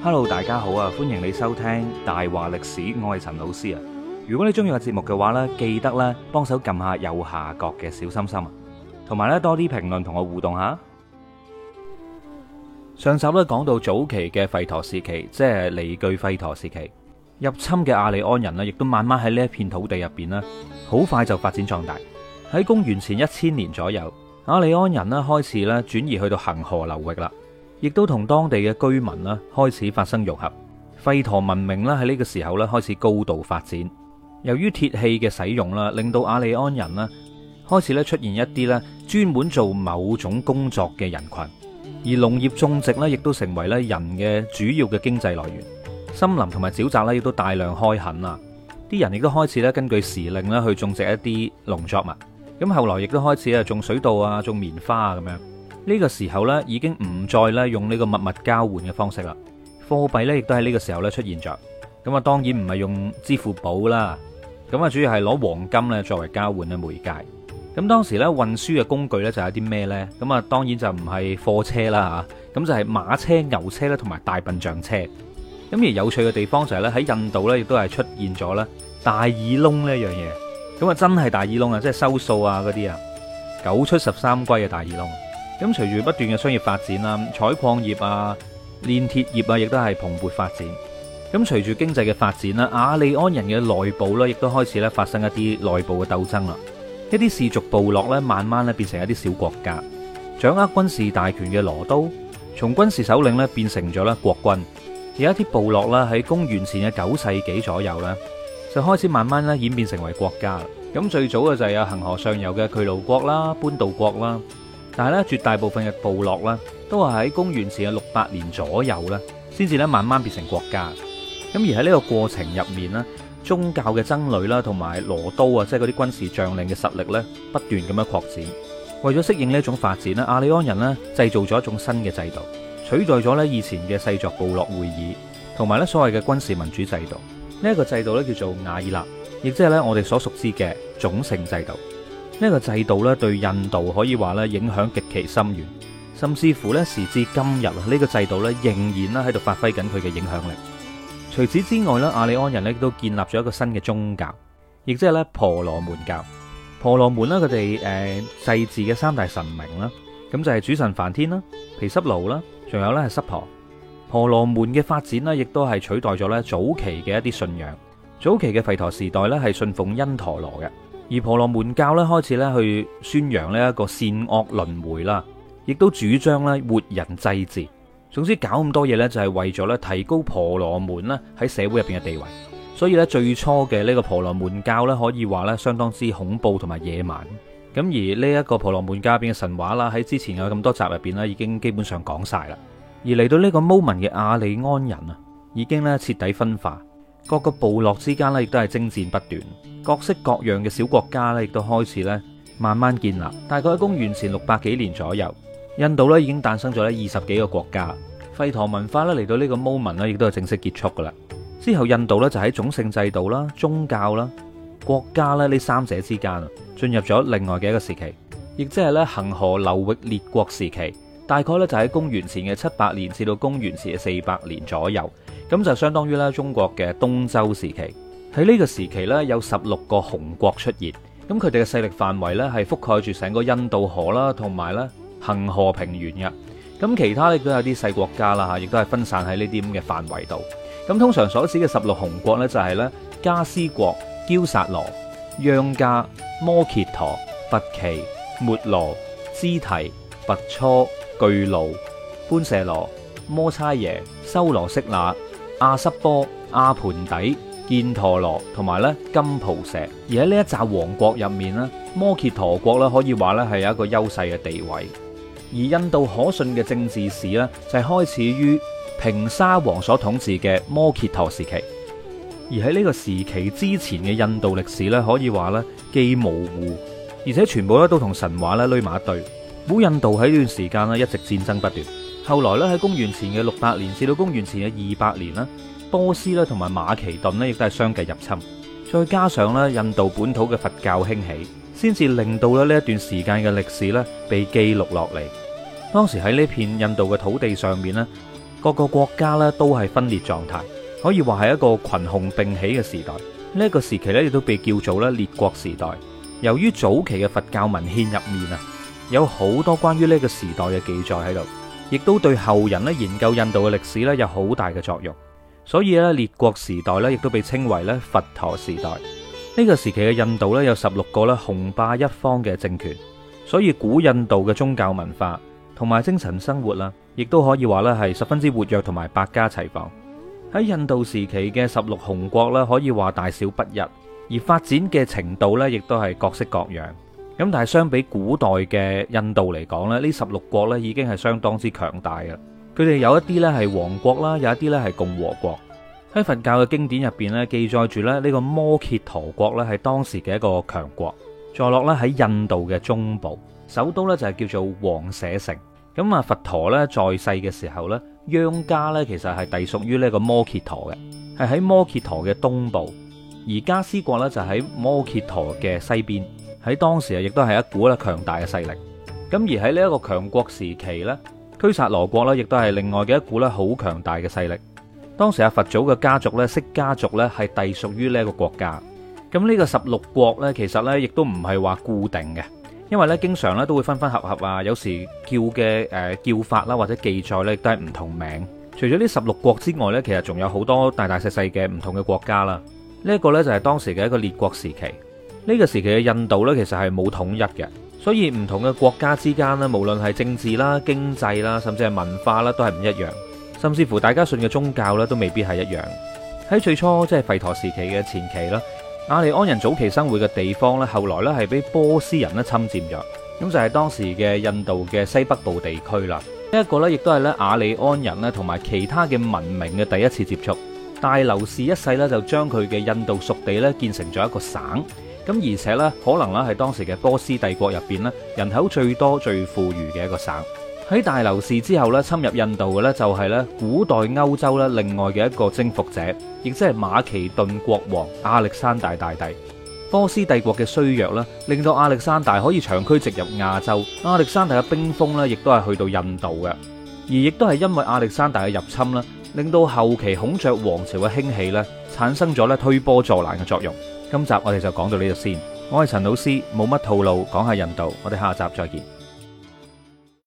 Hello，大家好啊！歡迎你收聽大話歷史，我係陳老師啊！如果你中意個節目嘅話呢，記得呢幫手撳下右下角嘅小心心，同埋呢多啲評論同我互動下。上集咧講到早期嘅吠陀時期，即係梨俱吠陀時期，入侵嘅阿里安人呢，亦都慢慢喺呢一片土地入邊呢，好快就發展壯大。喺公元前一千年左右，阿里安人呢開始呢轉移去到恒河流域啦。亦都同當地嘅居民啦開始發生融合，吠陀文明啦喺呢個時候咧開始高度發展。由於鐵器嘅使用啦，令到阿里安人咧開始咧出現一啲咧專門做某種工作嘅人群。而農業種植咧亦都成為咧人嘅主要嘅經濟來源。森林同埋沼澤咧亦都大量開墾啊！啲人亦都開始咧根據時令咧去種植一啲農作物。咁後來亦都開始啊種水稻啊、種棉花啊咁樣。呢個時候呢，已經唔再咧用呢個物物交換嘅方式啦。貨幣呢，亦都喺呢個時候咧出現咗。咁啊，當然唔係用支付寶啦。咁啊，主要係攞黃金咧作為交換嘅媒介。咁當時呢，運輸嘅工具呢，就有啲咩呢？咁啊，當然就唔係貨車啦嚇，咁就係馬車、牛車咧，同埋大笨象車。咁而有趣嘅地方就係呢，喺印度呢，亦都係出現咗呢大耳窿呢一樣嘢。咁啊，真係大耳窿啊，即係收數啊嗰啲啊，九出十三歸嘅大耳窿。咁，隨住不斷嘅商業發展啦，採礦業啊、煉鐵業啊，亦都係蓬勃發展。咁，隨住經濟嘅發展啦，亞利安人嘅內部咧，亦都開始咧發生一啲內部嘅鬥爭啦。一啲氏族部落咧，慢慢咧變成一啲小國家，掌握軍事大權嘅羅都，從軍事首領咧變成咗咧國君。有一啲部落呢，喺公元前嘅九世紀左右呢，就開始慢慢咧演變成為國家。咁最早嘅就係有恆河上游嘅鉅魯國啦、班杜國啦。但係咧，絕大部分嘅部落呢，都係喺公元前嘅六百年左右呢，先至咧慢慢變成國家。咁而喺呢個過程入面呢，宗教嘅僧侶啦，同埋羅都啊，即係嗰啲軍事將領嘅實力呢，不斷咁樣擴展。為咗適應呢種種發展呢，亞利安人咧製造咗一種新嘅制度，取代咗呢以前嘅世襲部落會議，同埋呢所謂嘅軍事民主制度。呢、這、一個制度呢叫做瓦爾納，亦即係呢我哋所熟知嘅種姓制度。呢、這個制度咧對印度可以話咧影響極其深遠，甚至乎咧時至今日啊，呢、這個制度咧仍然咧喺度發揮緊佢嘅影響力。除此之外咧，亞利安人咧都建立咗一個新嘅宗教，亦即係咧婆羅門教。婆羅門咧佢哋誒祭祀嘅三大神明啦，咁就係、是、主神梵天啦、毗濕奴啦，仲有咧係濕婆。婆羅門嘅發展咧亦都係取代咗咧早期嘅一啲信仰，早期嘅吠陀時代咧係信奉因陀羅嘅。而婆羅門教咧開始咧去宣揚呢一個善惡輪迴啦，亦都主張咧活人祭祀。總之搞咁多嘢咧就係為咗咧提高婆羅門咧喺社會入邊嘅地位。所以咧最初嘅呢個婆羅門教咧可以話咧相當之恐怖同埋野蠻。咁而呢一個婆羅門教入邊嘅神話啦，喺之前有咁多集入邊咧已經基本上講晒啦。而嚟到呢個摩民嘅亞利安人啊，已經咧徹底分化，各個部落之間咧亦都係征戰不斷。各式各樣嘅小國家咧，亦都開始咧慢慢建立。大概喺公元前六百幾年左右，印度咧已經誕生咗咧二十幾個國家。吠陀文化咧嚟到呢個 moment 咧，亦都係正式結束噶啦。之後，印度咧就喺種姓制度啦、宗教啦、國家啦呢三者之間，進入咗另外嘅一個時期，亦即係咧恆河流域列國時期。大概咧就喺公元前嘅七百年至到公元前嘅四百年左右，咁就相當於咧中國嘅東周時期。喺呢個時期咧，有十六個雄國出現。咁佢哋嘅勢力範圍呢，係覆蓋住成個印度河啦，同埋咧恒河平原嘅。咁其他咧都有啲細國家啦，嚇，亦都係分散喺呢啲咁嘅範圍度。咁通常所指嘅十六雄國呢，就係、是、呢：加斯國、憍薩羅、央加、摩羯陀、佛奇、末羅、支提、拔初、巨盧、般舍羅、摩差耶、修羅色那、阿濕波、阿盤底。犍陀羅同埋咧金蒲石，而喺呢一紮王國入面咧，摩羯陀國咧可以話咧係有一個優勢嘅地位。而印度可信嘅政治史咧就係、是、開始於平沙王所統治嘅摩羯陀時期，而喺呢個時期之前嘅印度歷史咧可以話咧既模糊，而且全部咧都同神話咧累埋一堆。古印度喺呢段時間咧一直戰爭不斷，後來咧喺公元前嘅六百年至到公元前嘅二百年啦。波斯咧，同埋馬其頓咧，亦都係相繼入侵。再加上咧，印度本土嘅佛教興起，先至令到咧呢一段時間嘅歷史咧被記錄落嚟。當時喺呢片印度嘅土地上面咧，各個國家咧都係分裂狀態，可以話係一個群雄並起嘅時代。呢一個時期咧，亦都被叫做咧列國時代。由於早期嘅佛教文獻入面啊，有好多關於呢一個時代嘅記載喺度，亦都對後人咧研究印度嘅歷史咧有好大嘅作用。所以咧，列國時代咧，亦都被稱為咧佛陀時代。呢、這個時期嘅印度咧，有十六個咧雄霸一方嘅政權，所以古印度嘅宗教文化同埋精神生活啊，亦都可以話咧係十分之活躍同埋百家齊放。喺印度時期嘅十六雄國咧，可以話大小不一，而發展嘅程度咧，亦都係各色各樣。咁但係相比古代嘅印度嚟講咧，呢十六國咧已經係相當之強大啊！佢哋有一啲呢係王國啦，有一啲呢係共和國。喺佛教嘅經典入邊呢，記載住咧呢個摩羯陀國呢係當時嘅一個強國，坐落咧喺印度嘅中部，首都呢就係叫做王舍城。咁啊，佛陀呢在世嘅時候呢，央家呢其實係隸屬於呢一個摩羯陀嘅，係喺摩羯陀嘅東部，而加斯國呢就喺摩羯陀嘅西邊，喺當時啊亦都係一股咧強大嘅勢力。咁而喺呢一個強國時期呢。憍薩羅國咧，亦都係另外嘅一股咧好強大嘅勢力。當時阿佛祖嘅家族咧，釋迦族咧係隸屬於呢一個國家。咁呢個十六國呢，其實呢，亦都唔係話固定嘅，因為呢，經常咧都會分分合合啊，有時叫嘅誒叫法啦或者記載亦都係唔同名。除咗呢十六國之外呢，其實仲有好多大大細細嘅唔同嘅國家啦。呢一個呢就係當時嘅一個列國時期。呢個時期嘅印度呢，其實係冇統一嘅。所以唔同嘅國家之間咧，無論係政治啦、經濟啦，甚至係文化啦，都係唔一樣。甚至乎大家信嘅宗教咧，都未必係一樣。喺最初，即係吠陀時期嘅前期啦，雅利安人早期生活嘅地方呢，後來呢，係俾波斯人咧侵佔咗，咁就係、是、當時嘅印度嘅西北部地區啦。呢、這、一個呢，亦都係咧雅利安人咧同埋其他嘅文明嘅第一次接觸。大流士一世呢，就將佢嘅印度屬地呢，建成咗一個省。咁而且呢，可能咧係當時嘅波斯帝國入邊呢，人口最多、最富裕嘅一個省。喺大流士之後呢，侵入印度嘅呢，就係呢古代歐洲呢另外嘅一個征服者，亦即係馬其頓國王亞歷山大大帝。波斯帝國嘅衰弱呢，令到亞歷山大可以長驅直入亞洲。亞歷山大嘅兵鋒呢，亦都係去到印度嘅。而亦都係因為亞歷山大嘅入侵咧，令到後期孔雀王朝嘅興起呢，產生咗呢推波助瀾嘅作用。今集我哋就講到呢度先，我係陳老師，冇乜套路，講下印度，我哋下集再見。